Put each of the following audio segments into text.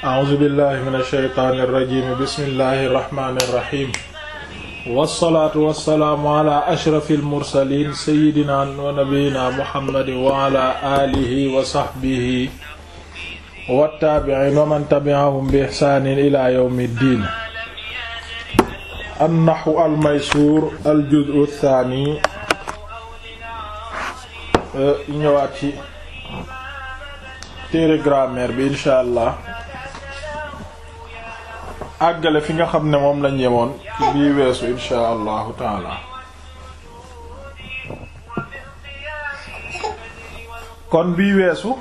a'uuzu billahi min alsheytaani irrajim bismillahi irrahmani irrahim wassalaatu wassalaamu ala ashrafi almursalin sayidina wa nabiyina muhammadin wa ala aalihi wa sahbihi wa taabi'in wa man tabi'ahum bi ihsaanin ila yawmi ddiin an-nahwu al-maysuur al-juz'u thaani ñëwaat ci téere grammaire bi incha allah àggale fi nga xam ne moom lañu yemoon ci bii weesu insha allahu taala kon bii weesu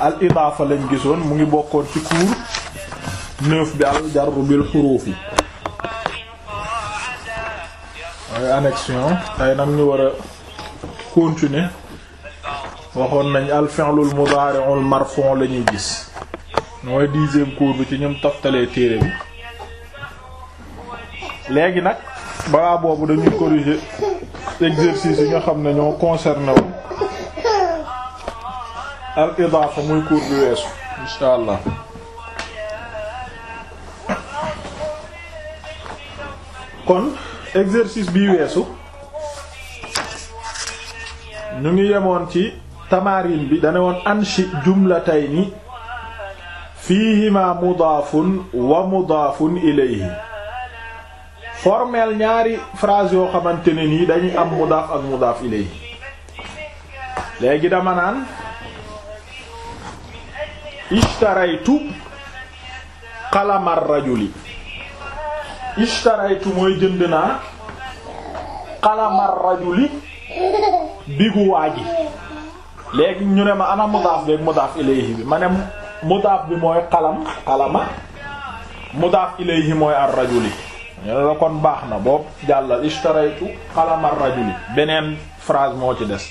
al idaafa lañ gisoon mu ngi bokkoon ci cours neuf bi al jarru bil xuruuf yi annexion tey nag ñu war a continuer waxoon nañ al fi'lul mudari'ul marfu' la ñuy gis mooy dixième cours bi ci ñoom toftalee téere bi léegi nag balaa boobu dañuy corriger exercice yi nga xam ne ñoo concerné woon al idaafa muy cours bi weesu insha allah kon exercice bi weesu ñu ngi yemoon ci tamarin bi dane woon anshi jumlatayni fiihima mudaafun wa mudaafun ilayhi formel ñaari phrase yoo xamante ne nii dañuy am mudaaf ak mudaaf ilayhi léegi dama naan ishtaraytu qalamar rajuli ishtaraytu mooy jënd naa qalamar rajuli bigu gi léegi ñu ne ma ana mudaaf beeg mudaaf ilayhi bi ma ne mudaaf bi mooy qalam qalama mudaaf ilayhi mooy ar-rajuli la kon baax na boobu jàllal ishtaraytu qalam ar-rajuli beneen phrase moo ci des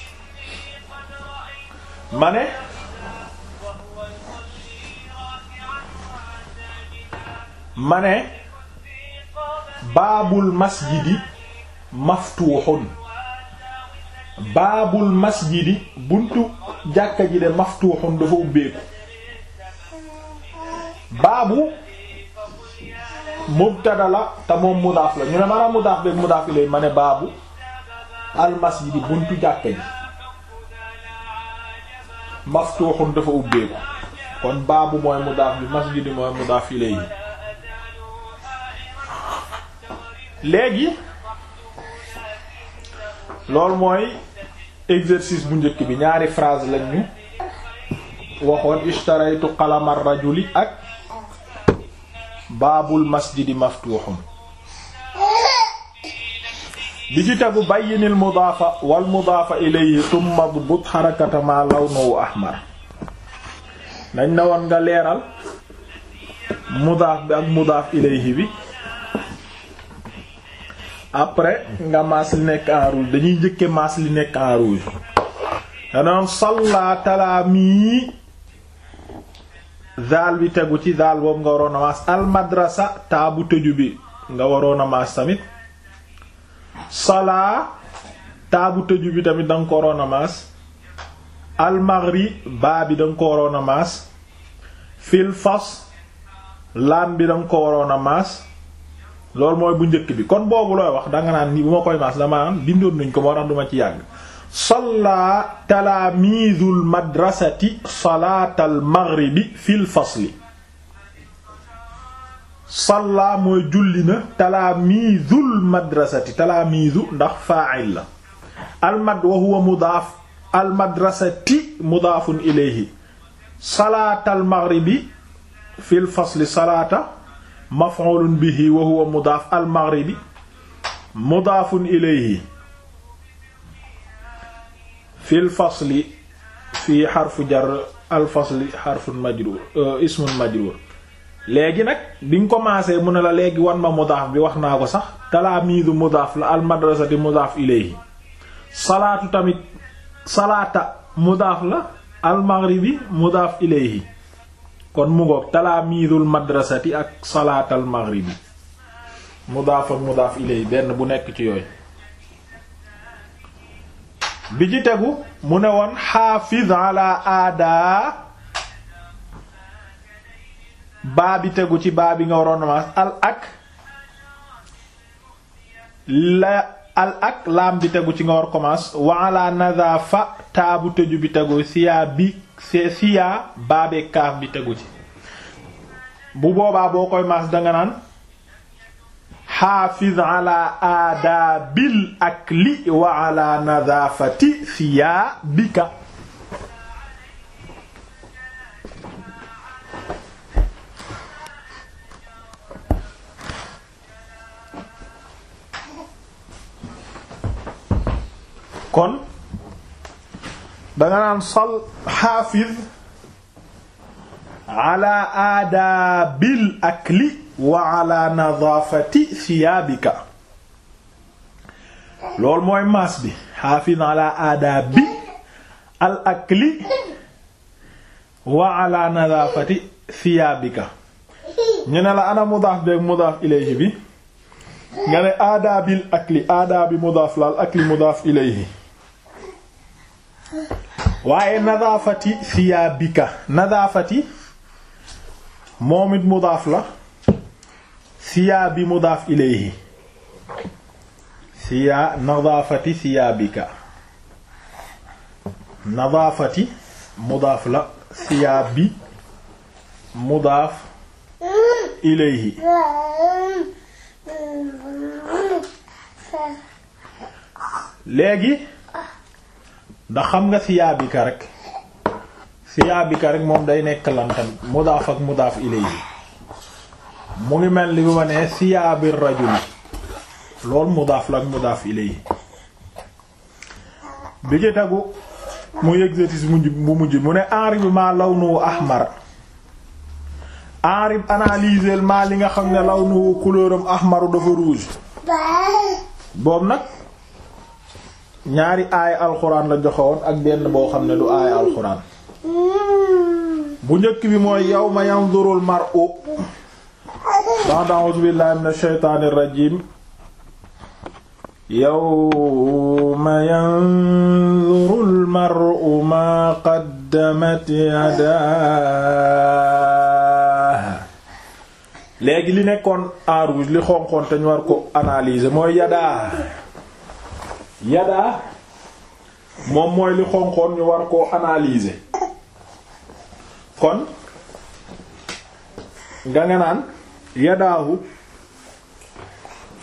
ma ne ma ne baabul masjidi maftuuxun baabul masjidi buntu jàkka ji de maftuuxun dafa ubbeeku baabu mubtada la te la ñu ne maanaam mudaaf beeg mudaaf ilay ma ne baabu almasjidi buntu jàkka ji dafa ubbeeku kon baabu mooy mudaaf bi masjidi mooy mudaaf ilay léegi loolu mooy exercice bu njëkk bi ñaari phrase lañ waxoon ishtaraytu qalamar rajuli ak baabul masjidi maftuuxum bi ci tegu bayyinil mudaafa wal mudaafa ilayhi tumma bu but xarakata ma ahmar nañ na woon nga leeral mudaaf bi ak mudaaf ilayhi bi après nga maas li nekk en rouge dañuy njëkke maas li nekk en rouge danoon salla talaami zaal bi tegu ci zaal boobu nga waroon a maas almadrasa taabu tëju bi nga waroon a maas tamit salaa taabu tëju bi tamit da ko waroon a maas almagri baa bi da ko waroon a maas fil fas laam bi da ko waroon a maas loolu mooy bu njëkk bi kon boobu looy wax danga naan ni bu ma koy maas dama bindoon nañ ko moo tax duma ci yàgg salla talaamiidul madrasati salaatal maghribi fil fasli salla mooy julli na talaamiidul madrasati talaamiidu ndax faa'il la almad wa huwa mudaaf almadrasati mudaafun ilayhi salaatal maghribi fil fasli salaata maf'uulun bihi wa huwa mudaaf almaghribi mudaafun ilayhi fil fasli fii xarfu jar al fasli xarfun majruur euh, majruur léegi nag bi nga commencé mu ne la léegi won ma mudaaf bi wax naa ko sax talaamiidu mudaaf la al madrasati mudaaf ilayhi salaatu tamit salaata mudaaf la al maghribi mudaaf ilayhi kon mu ngoog talaamiidul madrasati ak salaatal maghribi mudaaf ak mudaaf ilayhi benn bu nekk ci yooyu bi ci tegu mu ne woon xaafiz ala aada baa bi tegu ci baa bi nga waroon mas al ak la al bi tegu ci nga war commence wa ala taabu tëju bi tegu siyaa bi siyaa baabeeg kaaf bi tegu ci bu boobaa boo koy mas danga naan xaafiz ala aadaabil akli wa ala nadaafati siyaabika kon danga naan sal xaafiz ala aadaabil akli wa ala nadaafati thiyaabika mooy maas bi xaafis ala akli wa ala nadaafati thiyaabika la ana mudaaf beek mudaaf ilayhi bi nga ne akli aadaabi mudaaf la akli mudaaf ilayhi moom it mudaaf la siyaa bi mudaaf ilayhi siyaa nadaafati siyaabika nadaafati mudaaf la siyaa bi mudaaf ilayhi léegi ndax xam nga siyaabika rekk siyaabika rek moom day nekk lan tamit mudaaf ak mudaaf ilayhi ngi mel li bi ma nee siyaabi rajuli exercice bu mujj mu ne enrib ma lawnu ahmar enrib analyser ma li nga xam ne lawnu couleuram ahmaru dafa rouge boobu nag ñaari aaya alxuraan la joxewoon ak benn boo xam ne du aaya alxuraan bu njëkk bi mooy yawma yanzurul mar'u ba'da a'uuzu billahi minash shaytaanir rajiim léegi li nekkoon en rouge li xonqoon te ñu war ko analyser mooy yadaa yadaa moom mooy li xonqoon ñu war ko analyser kon nga nga naan yadaahu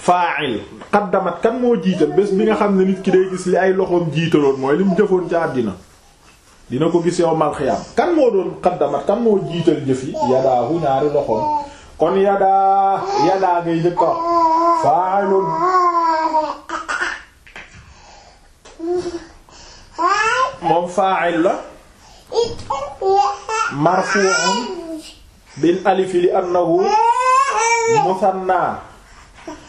fa'il qaddamat kan moo jiital bés bi nga xam ne nit ki day gis li ay loxoom jiitaloon mooy li jëfoon ci àddina dina ko gis yow mal kan moo doon qaddamat kan moo jiital jëf yi yadaahu ñaari loxoom kon yadaa yadaa ngay jëkka fa'ilun moom fa'il la marfu'un bil alif li annahu musanna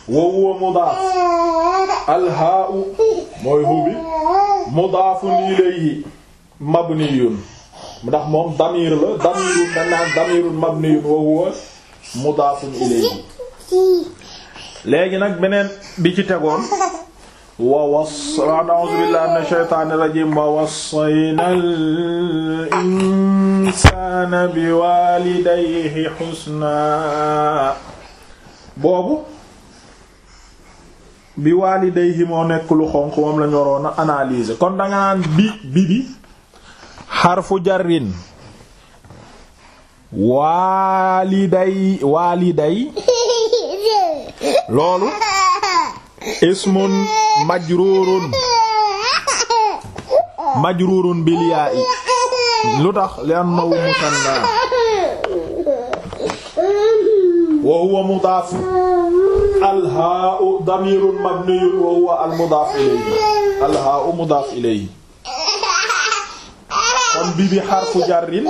wa huwa mudaaf alhaa'u mooy hubi mudaafun ilayhi mabniyun ndax moom damir la damirun danaan damirun mabniyun wa huwa mudaafun ilayhi léegi nag beneen bi ci tegoon wa wasa na'uuzu billahi mina shaytaani rajiim wa wassaynal insaana bi waalidayhi xusnaa boobu bi waalidayhi moo nekk lu xonq moom lañu waroon a kon danga naan bi bi bi xarfu jarrin waaliday waaliday loolu ismun majruurun majruurun bil yaa'i lu tax li annahu musanna wa huwa mudaaf al haa'u damirun mabniyun wa huwa al mudaaf ilayhi al haa'u mudaaf ilayhi kon bi bi xarfu jarrin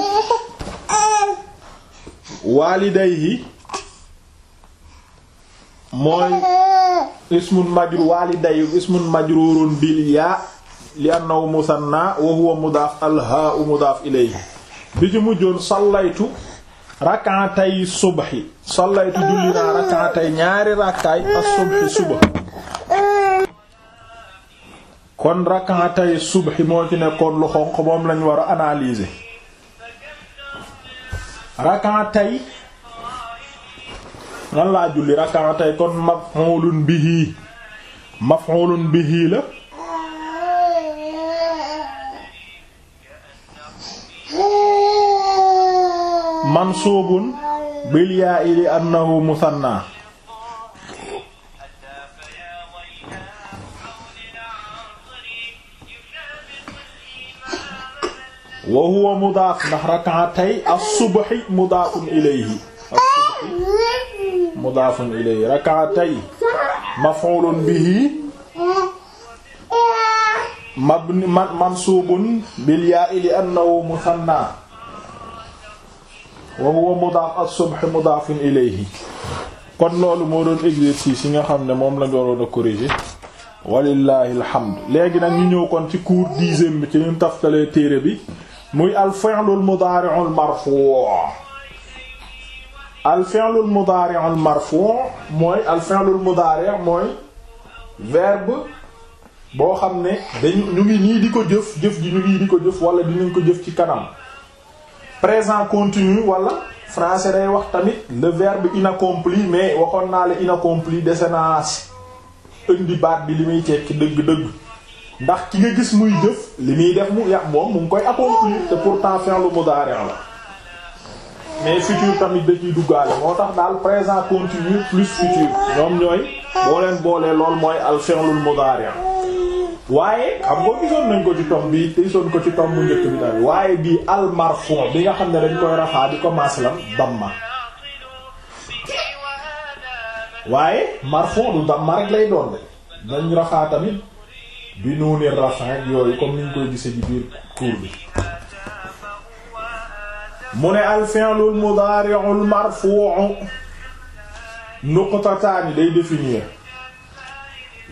waalidayhi mooy ismun majru waaliday ismun majrurun bil yaa li annahu musanna wa huwa mudaaf alhaa u mudaaf ilayhi bi ci mujjoon sallaytu rak'atay subhi sallaytu julli suba kon rak'atay subhi moo ci nekkoon lu xonq moom lañ war a analyser nan laa julli rakaatay kon maf'ulun bihi maf'ulun bihi la mansuubun bil yaa'i li annahu musanna wa huwa mudaaf ndax rakaatay as-subhi mudaafun ilayhi mudaafun ilayhi rakaatay maf'ulun bihi mabni mansuubun bil yaa'i li annahu musanna wa huwa mudaaf as-subh mudaafun ilayhi kon loolu moo doon exercice yi nga xam ne moom la ñu waroon a corriger walillahi alhamd léegi nag ñu ñëw kon ci cours dixième bi ci ñun taftalee téere bi muy al fi'lul mudaari'ul marfuu' al fi'lul mudaari' al marfu' mooy al fi'lul mudaari' mooy verbe boo xam ne dañu ñu ngi nii di ko jëf jëf ji ñu ngi di ko jëf wala dinañ ko jëf ci kanam présent continu wala français day wax tamit le verbe inaccompli mais waxoon naa la inaccompli dese naa indi baat bi li muy tekki dëgg-dëgg ndax ki nga gis muy jëf li muy def mu yàq moom mu ngi koy accomplir te pourtant fi'lu mudaari' la mais futur tamit da ciy duggaale moo tax daal présent continu plus futur ñoom ñooy boo leen boolee lool mooy al fi'lul mudari' waaye xam nga gisoon nañ ko ci tom bi te gisoon ko ci tom bu njëkk bi tamit waaye bii al marfu bi nga xam ne dañ koy rafaa di ko maslam damma waaye marfu du damma rek lay doon de nañ rafaa tamit bi nuuni rafaa yooyu comme niñ koy gisee ci biir cours bi mu ne al fi'lu al mudaari'u al marfu'u nuqtataani day définir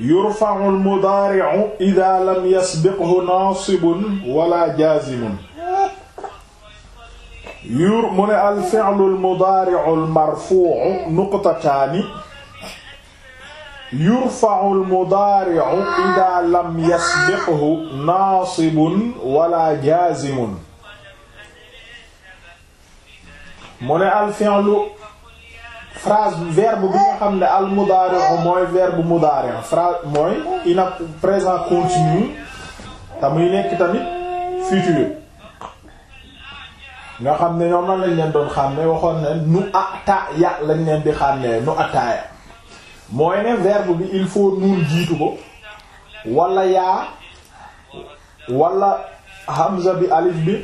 yurfa'u al mudaari'u idha lam yasbiqhu naasibun wala jaazimun yur mu ne al fi'lu al mudaari'u al marfu'u nuqtataani yurfa'u al mudaari'u idha lam yasbiqhu naasibun wala jaazimun mu ne al fi'lu phrase verbe bi nga xam ne al mudaari'u mooy verbe mudaari' phrase mooy ina présent continu te nekk tamit futur nga xam ne ñoom nan lañ leen doon xàmmee waxoon ne nu ata ya lañ leen di xàmmee nu ataaya mooy ne verbe bi il faut nuun jiitu ko wala yaa wala hamza bi alif bi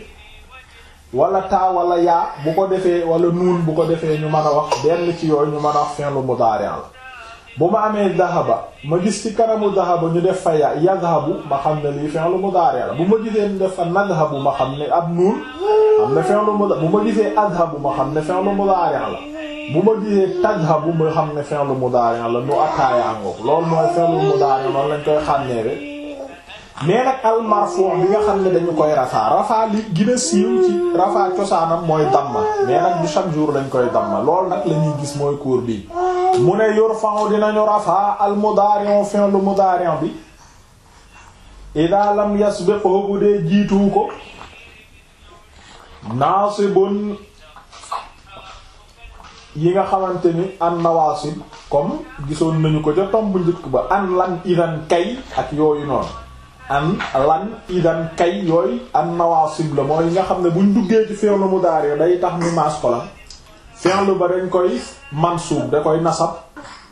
wala taa walla yaa bu ko defee wala nuun bu ko defee ñu mën a wax benn ci yooyu ñu mën a wax fi'lu mudaari' la bu ma amee dahaba ma gis ci kanamu dahaba ñu def fa ya yadhabu ma xam ne lii fi'lu mudaari' la bu ma gisee ñu def fa nadhabu ma xam ne ab nuun xam ne fi'lu la bu ma gisee adhabu ma xam ne fi'lu mudaari' la bu ma gisee tadhabu ma xam ne fi'lu mudaari' la nu ataayaango loolu mooy fi'lu mudaari' noonu lañ koy xàmneebe mais nag al bi nga xam ne dañu koy rafaa rafaa li siiw ci rafaa cosaanam mooy damma mais nag du chaque jour dañ koy damma lool nag la gis mooy cours bi mu ne yurfa'u dinañu rafaa al mudari' fi'lu bi idha lam yasbiqhu bu dee jiitu ko naasibun yi nga xamante ni an nawaasib comme gisoon nañu ko ca tomb njëkk ba an lan idan kay ak yooyu noonu an lan idan kay yooyu an nawaasib la mooy nga xam ne buñ duggee ci fi'l mudaari day tax ñu maas ko la fi'l ba dañ koy mansuub da koy nasab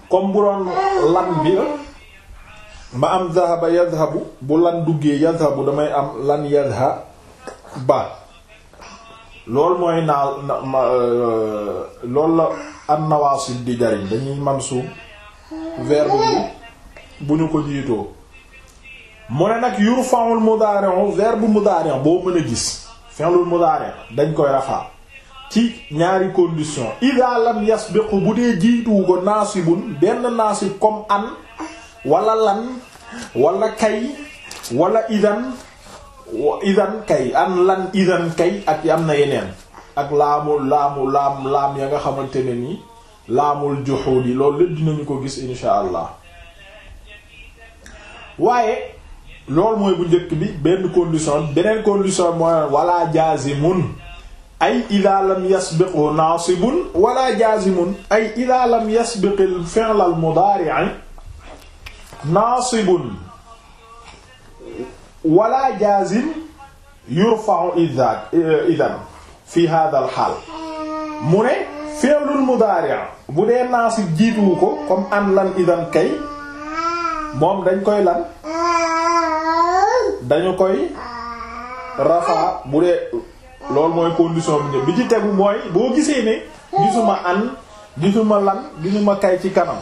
comme bu doon lan bi la am dhahaba yadhabu bu lan duggee yadhabu damay am lan yadha ba mooy naa euh, loolu la an nawaasib di jariñ dañuy mansuub verbe bi bu ñu ko jiitoo mu ne nag yurfa'ul mudaari'u verbe mudaari' boo mën a gis fi'lul mudaari' dañ koy rafaa ci ñaari condition idha lam yasbiqu bu dee jiituwu ko naasibun benn naasib comme an wala lan wala kay wala idan idan kay an lan idan kay ak am na yeneen ak laamul laamu laam laam ya nga xamante ne ni laamul juhudi loolu lépp dinañu ko gis insha allah waaye loolu mooy bu njëkk bi benn condition beneen condition mooy wala jazimun ay ida lam yasbiqu naasibun wala jazimun ay ida lam yasbiqi al fi'l naasibun wala jazim yurfa'u idan fi hadha al mu ne fi'lul mudari' bu dee naasib jiituwu ko comme an lan idan kay moom dañ koy lan dañu koy rafaa bu dee loolu mooy condition bi bi ci tegu mooy boo gisee ne gisuma an gisuma lan gisuma kay ci kanam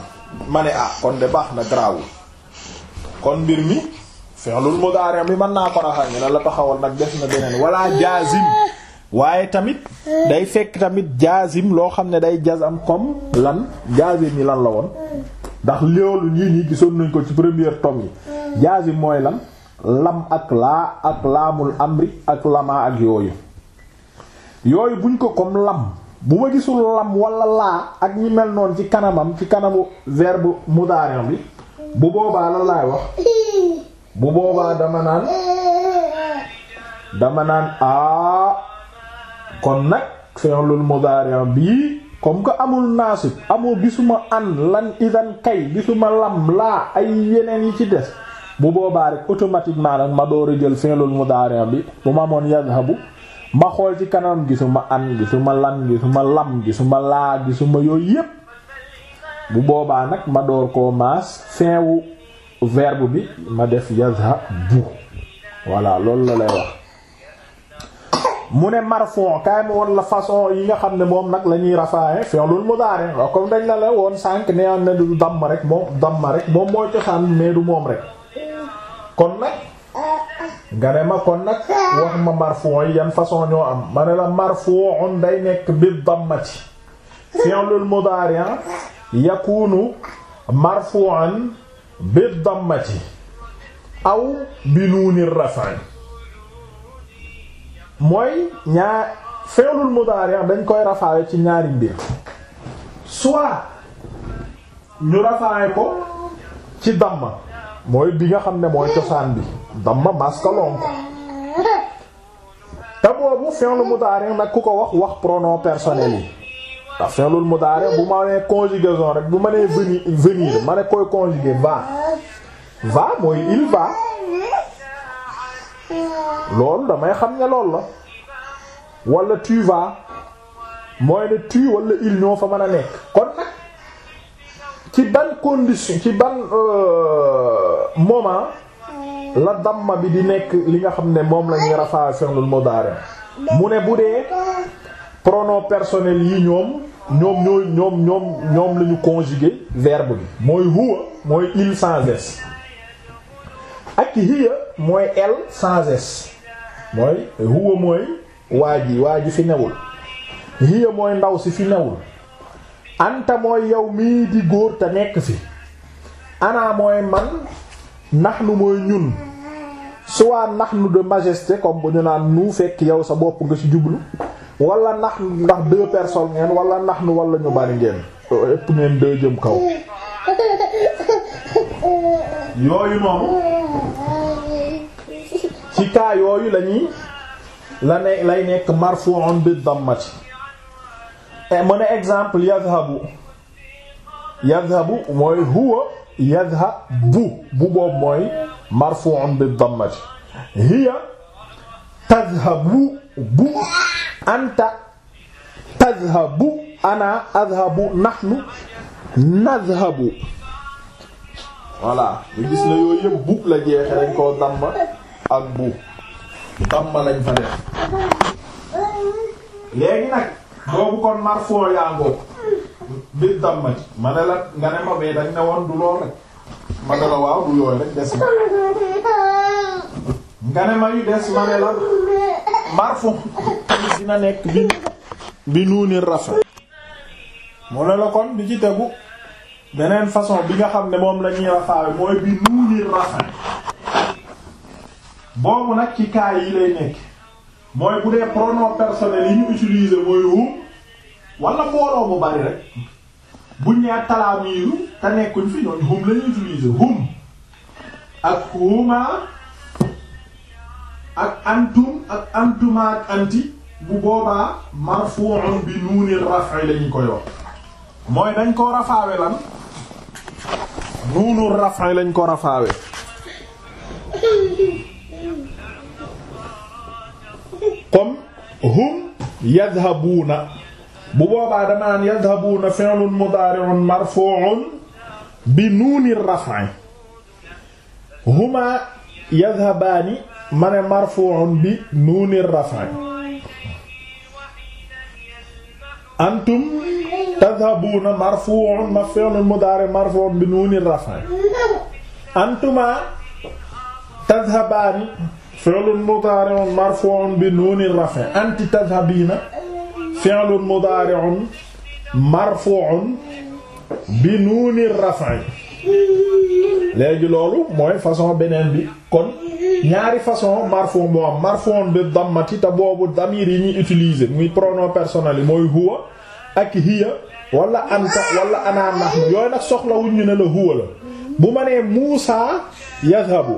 ma ne ah kon de baax na garaawul kon mbir mi fi'lul mudari bi mën naa ko raxal ñu ne la taxawal nag def na beneen wala jaazim waaye tamit day fekk tamit jaazim loo xam ne day jazam lan jaazim yi lan la woon ndax loolu ñii nii gisoon nañ ko ci première tome yi jaazim mooy lan lam ak laa ak laamul amri ak lamaa ak yooyu yooyu buñ ko comme lam bu ma gisul lam walla laa ak ñi mel noonu ci kanamam ci kanamu verbe mudaari bi bu boobaa la laay wax bu boobaa dama naan dama naan aa kon nag fi'lul mudaari bii comme que amul naasib amul gisuma an lan idan kay gisuma lam laa ay yeneen yi ci des bu boobaa rek automatiquement nag ma door a jël fi'lul mudari' bi bu ma amoon yadhabu ma xool ci kanam ma an gisuma lan gisuma lam gisuma laa gisuma yooyu yépp bu boobaa nag ma door koo maas fin wu verbe bi ma def yadhabu voilà loolu la lay wax mu ne marfon kaay ma woon la façon yi nga xam ne moom nag la ñuy rafaaye fi'lul mudari comme dañ la la woon sànq ne am na du damm rek moom damm rek moom mooy cosaan mais du moom rek kon nag nga ne ma kon nag wax ma marfuu façon ñoo am ma ne la marfuun day nekk bi dammati fi'lul mudaari yakunu marfu'an bi dammati aw bi nuuni raf'i mooy ñaar fi'lul mudaari dañ koy rafaawe ci ñaari mbir soit ñu rafaay ko ci damma mooy bi nga xam ne mooy cosaan bi damma maska lonk te boobu fi'l mudari nag ku ko wax wax pronom personnel yi ndax fi'l mudari bu ma nee conjugaison rek bu ma nee venir venir ma ne koy conjuguer va va mooy il va loolu damay xam ne loolu la wala tu vas mooy ne tu wala il ñoo fa mën a nekk kon nag ci ban condition ci ban euh, moment la damma bi di nekk li nga xam ne moom la ñuy rafaa fi'lul mudari mu ne bu dee prono personnel yi ñoom ñoom ñoom ñoom ñoom la ñu conjuguer verbe bi mooy huwa mooy il sans s ak hiya mooy elle sans mooy huwa mooy waa ji waa ji fi newul hiya mooy ndaw si fi newul anta mooy yow mii di góor te nekk ci ana mooy man nahnu mooy ñun soit nahnu de majesté comme bu ñu naan nu fekk yow sa bopp nga ci jublu wala nahnu ndax deux personnes walla wala nahnu wala ñu bari ëpp ngeen deux jëm kaw yooyu noonu ci kaa yooyu lañuy la lay nekk marfu'un bi dammati Eh, mu ne exemple yadhabu yadhabu mooy huwa yadhabu bu boobu mooy marfu'un bi dammati hiya tadhabu bu anta tadhabu ana adhabu nahnu nadhabu voilà ñu gis na yooyu yëpp bu la jeexee dañ koo damma ak bu damma lañ fa def léegi nag boobu kon marfo yaa ngoog bi dammati ma ne la nga ne ma bee dañ ne woon du lool rek ma ne la waaw du yooyu rek des na nga ne ma ne la marfo dina nekk bi bi nuuni rafa mu ne la kon di ci tegu beneen façon bi nga xam ne moom la ñuy rafaawe mooy bi nuuni rafa boobu nag ci kaay yi lay nekk mooy bu dee pronom personnel yi ñu utiliser mooy hum wala mbooloo mu bari rek buñ nee talaamiiru te nekkuñ fi ñooñ hum lañu utiliser hum ak huma ak antum ak antuma ak anti bu boobaa marfu'un bi nuuni raf'i lañu koy wax mooy dañ ko rafaawe lan nuunu raf'i lañ ko rafaawe comme hum yadhabuuna bu boobaa dama naan yadhabuuna fi'lun mudaari'un bi nuuni raf'i huma yadhabaani ma ne marfu'un bi nuuni raf'i antum tadhabuuna marfu'un fi'lun mudari'un marfu'un bi nuuni raf'i anti tadhabiina fi'lun mudari'un marfu'un bi nuuni raf'i léegi loolu mooy façon beneen bi kon ñaari façon marfu'un boo am bi dammati te boobu damir yi ñuy utiliser muy pronom personnel yi mooy huwa ak hiya wala anta wala ana nahnu yooyu nag soxlawuñ ñu ne la huwa la bu ma nee Muusa yazhabu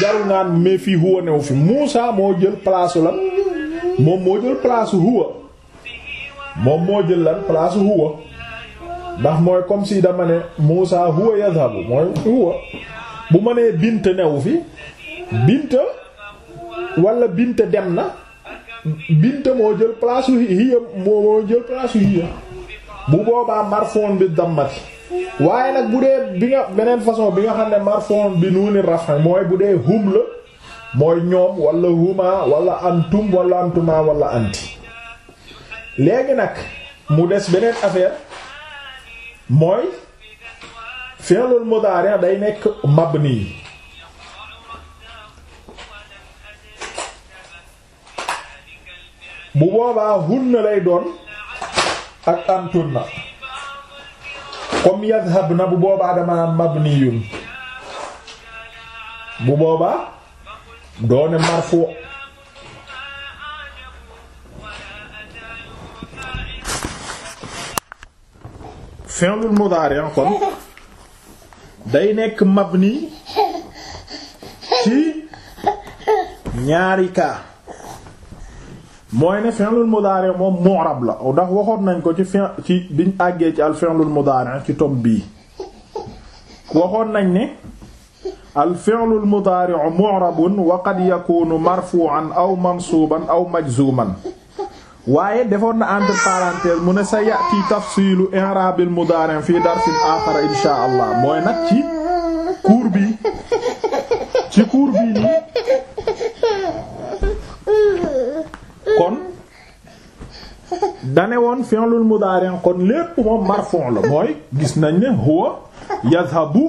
jarul naan mais fii huwa fi Muusa moo jël place lan moom moo jël place huwa moom moo jël lan place huwa ndax mooy comme si dama ne Muusa mooy huwa bu ma nee bint fi bint wala bint dem na bint moo jël place hiya moo jël place hiya bu boobaa marfon bi dammati waaye nag bu dee bi nga beneen façon bi nga xam ne marfon bi nuuni rafa mooy bu dee hum la mooy ñoom wala huma wala antum wala anti léegi nag mu des beneen affaire mooy fi'lul mudari' day nekk mabni bu boobaa hunna lay doon ak antunna comme yadhab na bu boobaa dama naan mabniyun bu boobaa doone marfu fi'lul mudari kon day nekk mabni ci ñaari ka mooy ne fi'lul mudaari moom mu'rab la ndax waxoon nañ ko ci fi ci biñ àggee ci al fi'lul mudaari ci tom bii nañ ne al fi'lul mudaari wa qad yakunu marfu'an aw mansuuban aw majzuman waaye defoon na entre parenthèses mu ne sa yati tafsilu i'rabil mudaari fii darsin aaxar insha allah mooy nag ci cours ci cours bi dane woon fi'lul mudaari kon lépp moom marfon la mooy gis nañ ne huwa yadhabu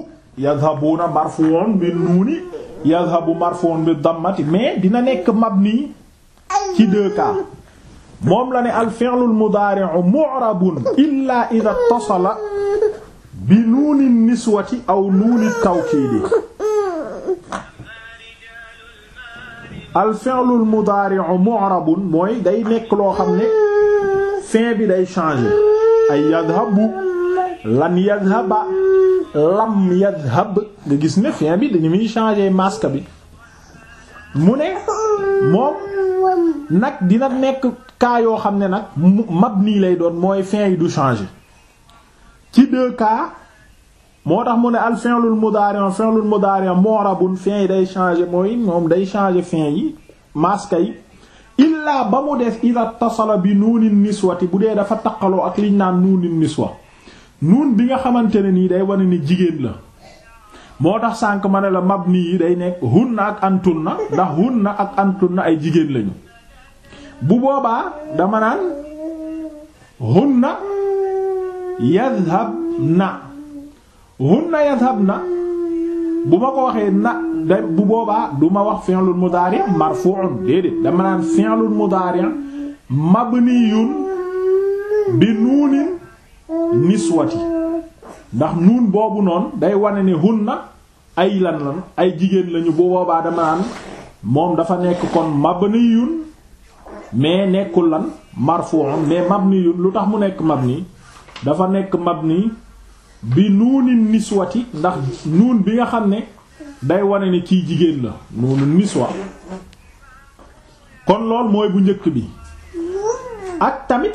yadhabuna marfon bi nuuni yadhabu marfon bi dammati mais dina nekk mabni ci deux cas moom la ne al fi'lul mudaari mu'rabun illa idha ittasala bi nuuni niswati aw nuuni tawkiidi al fi'lul mudaari mu'rabun mooy day nekk loo xam ne fin bi day changer ay yadhabu lan yadhaba lam yadhab nga gis ne fin bi dañu muy changer masque bi mu ne moom nag dina nekk cas yoo xam ne nag mabni lay doon mooy fin yi du changer ci deux cas moo tax mu ne al fi'lul mudari' fi'lul mudari' mu'rabun fin yi day changer mooy moom day changer fin yi masque yi illaa ba mu des ida tasala bi nuunin niswati bu dee dafa taqaloo ak liñ naan nuunin niswa nuun bi nga xamante ne nii day wane ne jigéen la moo tax sànq ma ne la mabni yi day nekk hunna ak na ndax na ak na ay jigéen lañu bu boobaa dama naan hunna yadhab na hunna yadhab na bu ma ko waxee na da bu boobaa du ma wax fi'lun mudari' marfu'un déedéet dama naan fi'lun mudari' mabniyun bi nuunin niswati ndax nuun boobu noonu day wane ne hunna ay lan lan ay jigéen lañu bu boobaa dama naan moom dafa nekk kon mabniyun mais nekkul lan marfu'un mais mabniyun lu tax mu nekk mabni dafa nekk mabni bi nuuni niswati ndax nuun bi nga xam ne day wane ne kii jigéen la nuunu niswa kon lool mooy bu njëkk bi ak tamit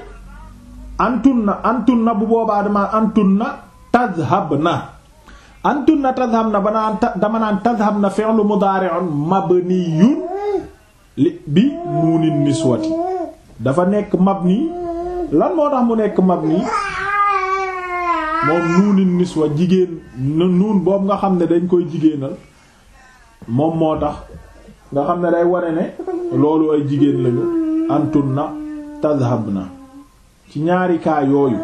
antun na bu boobaa dama antunna tadhhabna antunna tadhhabna banaan dama naan tadhhabna fi'lu mudari'un mabniyun li bi nuuni niswati dafa nekk mabni lan moo tax mu nekk mabni moom nuunin niswa jigéen nuun boobu nga xam ne dañ koy jigéenal moom moo tax nga xam ne day ware ne loolu ay jigéen lañu antun na tadhab na ci ñaari cas yooyu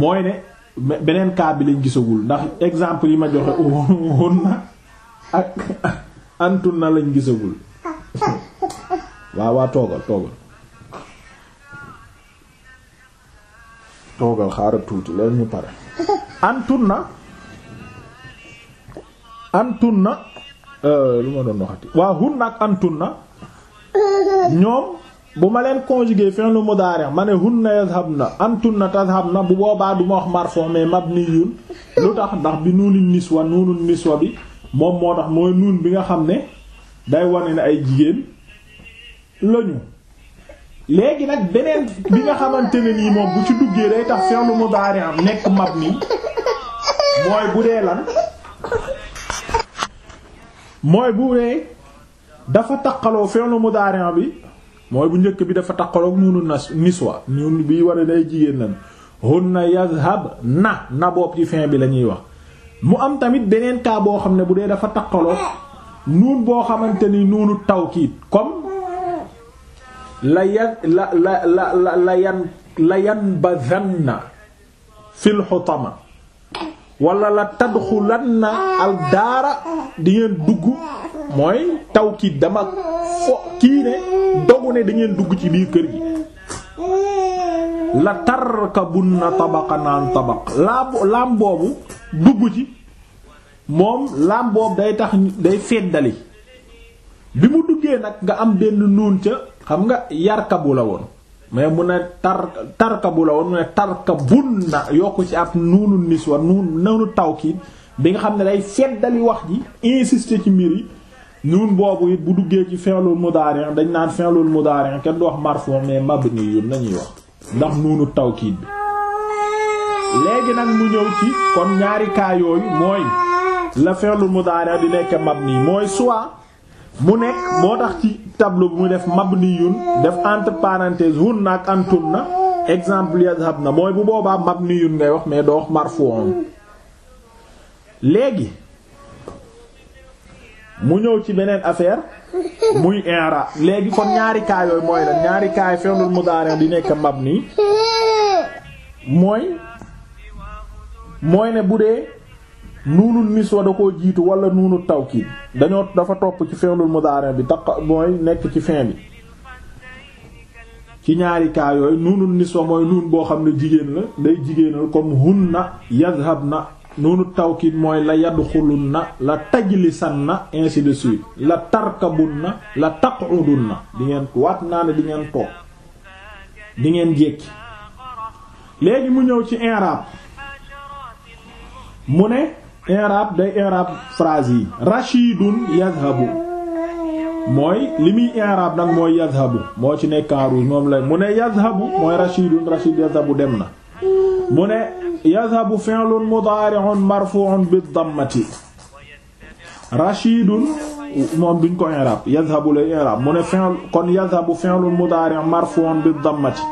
mooy ne beneen cas bi lañ gisagul ndax exemple yi ma joxe woon na ak antun lañ gisagul waaw waa toogal toogal xaaral tuuti leen ñu na antunna na euh, lu ma doon waxati waa na ak na ñoom bu ma leen conjuguer fi'lu mudari' ma ne hunna na antunna tadhhabna bu boobaa duma wax marfu mais mabniyun lu tax ndax bi nuunin niswa nuunun niswa bi moom moo tax mooy nuun bi nga xam ne day wane ne ay jigéen lañu léegi nag beneen bi nga xamante ne nii moom bu ci duggee day tax fi'lu mudari am nekk mabni mooy bu dee lan mooy bu dee dafa taqaloo fi'lu mudari bi mooy bu njëkk bi dafa taqaloo nuunu nas niswa ñun bi war a day jigéen lan hunna yazhab na na bopp ci fin bi la ñuy wax mu am tamit beneen cas boo xam ne bu dee dafa taqaloo nuun boo xamante ni nuunu kiit comme la yan la la la la la la yanbadanna fil xutama wala la tadxulanna al daara di ngeen dugg mooy tawkiid dama fo kii ne dogu ne da dugg ci biir kër gi la tarkabunna tabaqan an tabaq laam boobu dugg ci moom laam boobu day tax day feddali bi mu duggee nag nga am benn nuun ca xam nga yarkabu la woon mais mu ne tar tarkabu la woon mu ne tarkabun na yokk ci ab nuunu niswa nuun nuunu tawkiid bi nga xam ne day feddali wax ji insister ci mbir yi nuun boobu it bu duggee ci fi'lul mudaari' dañ naan fi'lul mudaari' kenn du wax marfu' mais mabniyun lañuy wax ndax nuunu tawkiid bi léegi nag mu ñëw ci kon ñaari kaa yooyu mooy la fi'lul mudaari' di nekk mabni mooy soit mu nekk moo tax ci tableau bi mu def mabniyun def entre parenthèse hunna ak na exemple na mooy bu boobaa mabniyun ngay wax mais doo wax marfu'un léegi mu ñëw ci beneen affaire muy i'rab léegi kon ñaari kaa yooyu mooy la ñaari kaay yi fi'lul mudari di nekk mabni mooy mooy ne bu dee nuunul niswa da koo jiitu wala nuunu tawkiid dañoo dafa topp ci fi'lul mudaari bi taq mooy nekk ci fin bi ci ñaari kaa yooyu nuunul niswa mooy nuun boo xam ne jigéen la day jigéenal comme hunna yadhabna nuunu tawkiid mooy la yadxulunna la tajlisanna ainsi de suite la na la na di ngeen waat naa ne di ngeen toog di ngeen jékki léegi mu ñëw ci i'raab mu ne i'rab day i'rab phrase yi rashidun yadhabu mooy li muy i'rab nag mooy yadhabu moo ci nekk en moom la mu ne yadhabu mooy rashidun rashid yadhabu dem na mu ne yadhabu fi'lun mudari'un marfu'un bid-dammati rashidun moom duñ ko i'rab yadhabu lay i'rab mu ne kon yadhabu fi'lun mudari' marfu'un bid-dammati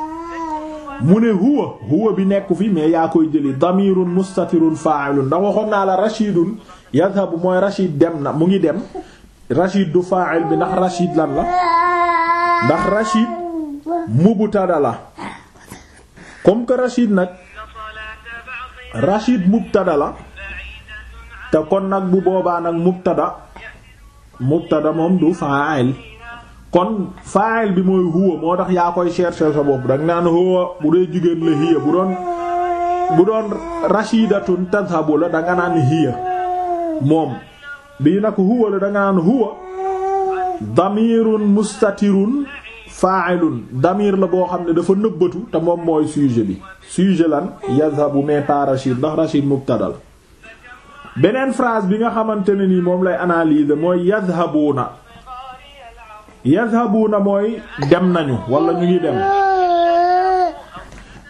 mu ne huwa huwa bi nekku fi mais yaa koy jëli damirun mustatirun fa'ilun ndax waxoon naa la rashidun yadhabu mooy rashid dem na mu ngi dem rashid du fa'il bi ndax rashid lan la ndax rashid mubtada la comme que rashid nag rashid mubtada la te kon nag bu boobaa nag mubtada mubtada moom du fa'il kon faayil bi mooy huwa moo tax yaa koy chercher sa bopp danga naan huwa bu dee jigéen la hiya bu doon bu doon rashidatun tadhabu la danga naan hiya moom bii nag huwa la danga naan huwa damirun mustatirun fa'ilun damir la boo xam ne dafa nëbbatu te moom mooy sujet bi sujet lan yadhabu mais pas rashid ndax rashid mubtada beneen phrase bi nga xamante ne nii moom lay analyser mooy yadhabuna yadhabuuna mooy dem nañu walla ñu ngi dem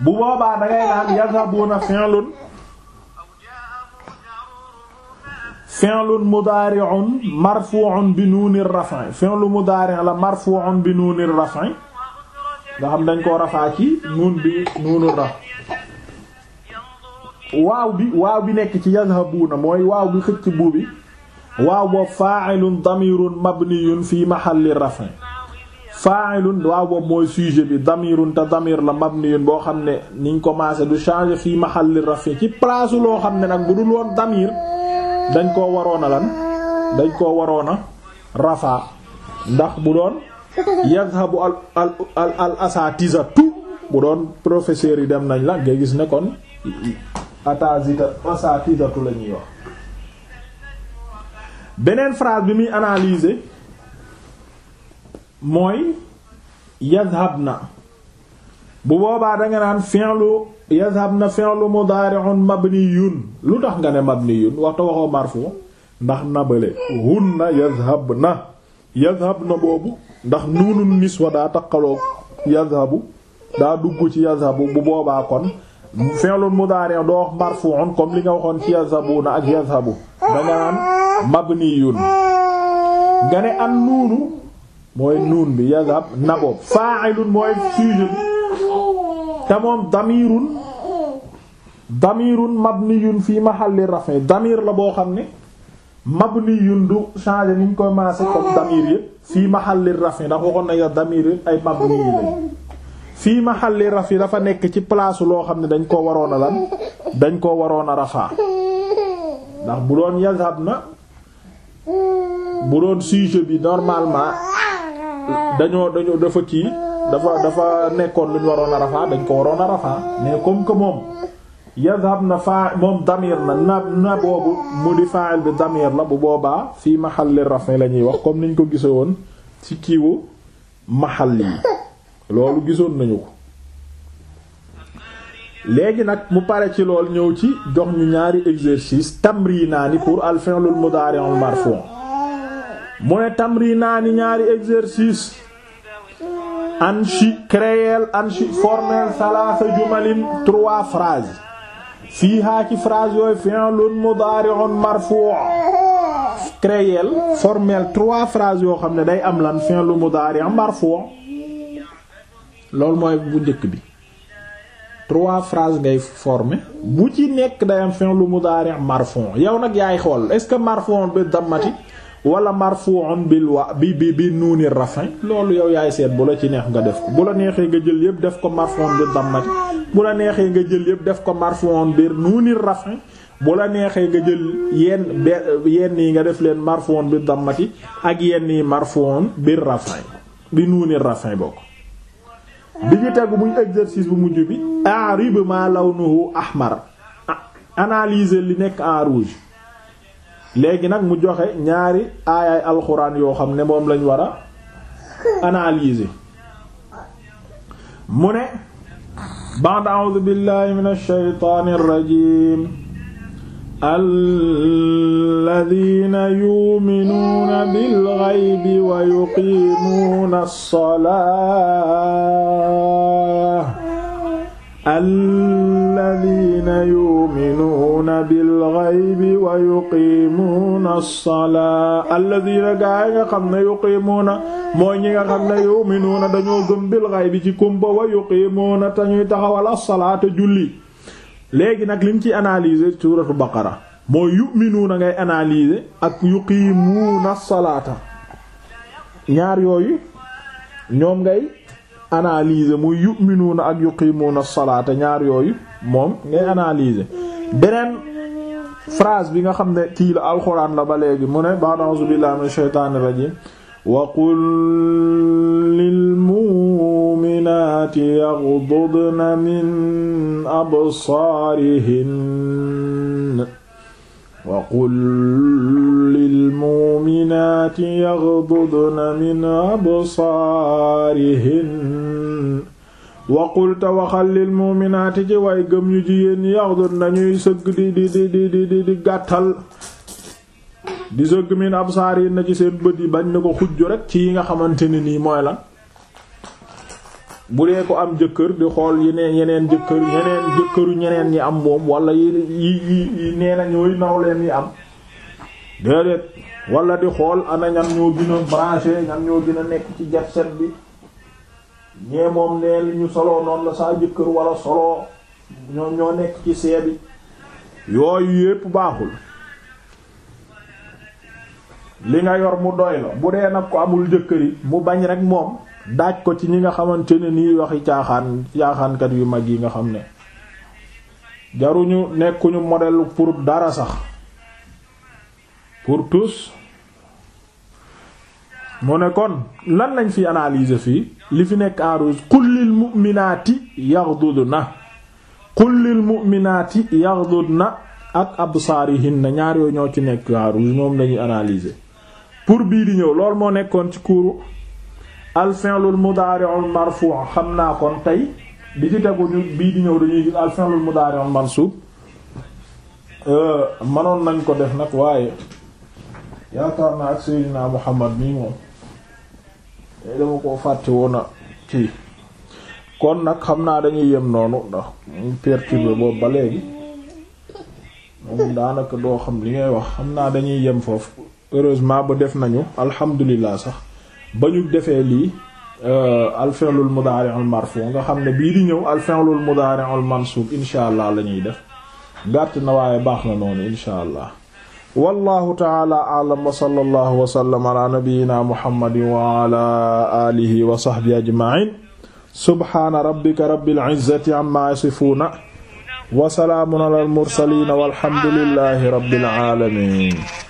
bu boobaa da ngay naan yadhabuuna fi'lun fi'lun mudaari'un bi nuuni raf'i fi'lu mudaari' la marfu'un bi nuuni raf'i nga xam dañ koo rafaa ci nuun bi nuunu raf waaw bi waaw bi nekk ci yadhabuuna mooy waaw bi xëcc buubi waaw boobu fa'ilun damirun mabniyun fi mahalli rafin fa'ilun waaw boobu mooy sujet bi damirun te damir la mabniyun boo xam ne niñ commencé du changer fi mahalli rafin ci place loo xam ne nag bu dul woon damir dañ koo waroon a lan dañ koo waroon a rafa ndax bu doon yadhabu al al al al asatizatu bu doon professeur yi dem nañ la nga gis ne kon atazita asatizatu la ñuy beneen phrase bi muy analyser mooy na bu boobaa danga naan fi'lu yadhabna fi'lu mudari'un mabniyun lu tax nga ne mabniyun waxta waxoo marfu ndax nabale hunna yadhabna yadhabna boobu ndax nuunu niswa daa taqaloog yadhabu daa dugg ci yadhabu bu boobaa kon fi'lun mudaari' doo wax marfu'un comme li nga waxoon ci yazhabuna ak yazhabu danga naan mabniyun nga ne an nuunu mooy nuun bi yazhab na boob fa'ilun mooy sujet te moom damirun damirun mabniyun fii mahalli raf'i damir la boo xam ne mabniyun du changé niñ koy maase comme damir yëpp fii mahalli raf'i ndax waxoon na ya damir yëpp ay mabniy lañ fii ma raf yi dafa nekk ci place loo xam ne dañ koo waroon a lan dañ koo waroon a rafaa ndax bu doon yazhab na bu doon sujet bi normalement dañoo dañoo dafa kii dafa dafa nekkoon lu ñu waroon a rafaa dañ ko waroon a rafaa mais comme que moom yazhab na faa moom damir na na na boobu mu di fa'il bi damir la bu boobaa fii ma mahalli rafi la ñuy wax comme niñ ko gisewoon ci kiiwu mahalli yi loolu gisoon nañu ko léegi nag mu pare ci lool ñëw ci jox ñu ñaari exercice tamrinaani pour al fi'l al mudari' al marfu' mu ne tamrinaani ñaari exercice anchi créel anchi formel salaasa jumalin trois phrases fiihaa ci phrase yooyu fi'lun mudari'un marfu' créel formel trois phrases yoo xam ne day am lan fi'lun mudari'un marfu' loolu mooy bu njëkk bi trois phrases ngay former bu ci nekk day am fin lu mudaari marfon yow nag yaay xool est-ce que marfon bi dammati wala marfu'un bil wa bi bi bi nuuni rafin loolu yow yaay seet bu la ci neex nga def ko bu la neexee nga jël yëpp def ko marfu'un bi dammati bu la neexee nga jël yëpp def ko marfu'un bi nuuni rafin bu la neexee nga jël yenn be yi nga def leen marfu'un bi dammati ak yenni yi biir bi rafin bi nuuni rafin bokk bi ci tegu muy exercice bu mujj bi arib ma lawnuhu ahmar analyser li nekk en rouge léegi nag mu joxe ñaari aayaay alxuraan yoo xam ne moom lañ war a analyser mu ne ba'da a'udhu billahi minash shaytaanir rajiim alladina yuminuuna bilxaybi wa yuqiimuuna alsolaa alladina yuminuuna bilxaybi wa yuqiimuuna alsolaa alladina gaa yi nga xam ne yuqiimuuna mooy ñi nga xam ne yuminuuna dañoo gëm bilxaybi ci kumpa wa yuqiimuuna te ñuy taxawal alsolaa te julli léegi nag lim ci analyser suuratu baqara mooy yu'minuuna ngay analyser ak yuqiimuuna salaata ñaar yooyu ñoom ngay analyser muy yu'minuuna ak yuqiimuuna salaata ñaar yooyu moom ngay analyser beneen phrase bi nga xam ne kii la alxuraan la ba léegi mu ne ba'da a'uuzu billaahi minash shaytaanir rajiim waqul lilmuminaati yaxdudna min absaarihin waqul lilmuminaati yaxdudna min absaarihin waqul te waxal lilmuminaati ci way gëm yu jigéen ñi yaxdud nañuy sëgg di di di di di di gàttal di sëgg min absaar yi na ci seen bët yi bañ na ko xujju rek ci yi nga xamante ne nii mooy lan bu dee ko am jëkkër di xool yeneen yeneen jëkkër yeneen jëkkëru ñeneen ñi am moom walla yi yi yi nee na ñooy naw leen yi am déedéet wala di xool ana ñan ñoo dina a ñan ñoo gën nekk ci jet set bi ñee moom nee ñu soloo noonu la saa jëkkër wala soloo ñoom ñoo nekk ci seebi yooyu yépp baaxul li nga yor mu doy la bu dee nag ko amul jëkkëri mu bañ rek moom daaj ko ci ñi nga xamante ne nii waxi caaxaan caaxaankat yu mag yi nga xam ne jaruñu nekkuñu modelu pour dara sax pour tous mu ne kon lan lañ fi analyser fii li fi nekk en rouge qul lil mu'minati yaghdudna qul lil mu'minati yaghdudna ak absaarihinna ñaar yooyu ñoo ci nekk en rouge moom lañuy analyser pour bii di ñëw lool moo nekkoon ci kuuru al fi'lul mudaari'ul xam naa kon tey di ci tegu ñu bii di ñëw dañuy gis al fi'lul mudaari'ul mansuub euh, mënoon nañ ko def nag waaye yaakaar naa ak Seydina Muhammad mii moom eh, dama koo fàtte woon a kii kon nag xam naa dañuy yem noonu ndax mu perturbé boobu ba léegi moom daanaka doo xam li ngay wax xam naa dañuy yem foofu heureusement ba def nañu alhamdulillah sax ba ñu defee lii euh, al fi'lul mudari'ul marfu nga xam ne bii di ñëw al fi'lul mudari'ul mansub insha allah la ñuy def gàtt na waaye baax na noonu insha allah wallahu taala a'lam wa sallallahu wa sallam ala nabiyyina muhammadin wa ala alihi wa sahbihi ajma'in subhana rabbika rabbil izzati amma yasifuna wa salaamun ala al mursalin walhamdulillahi rabbil alamin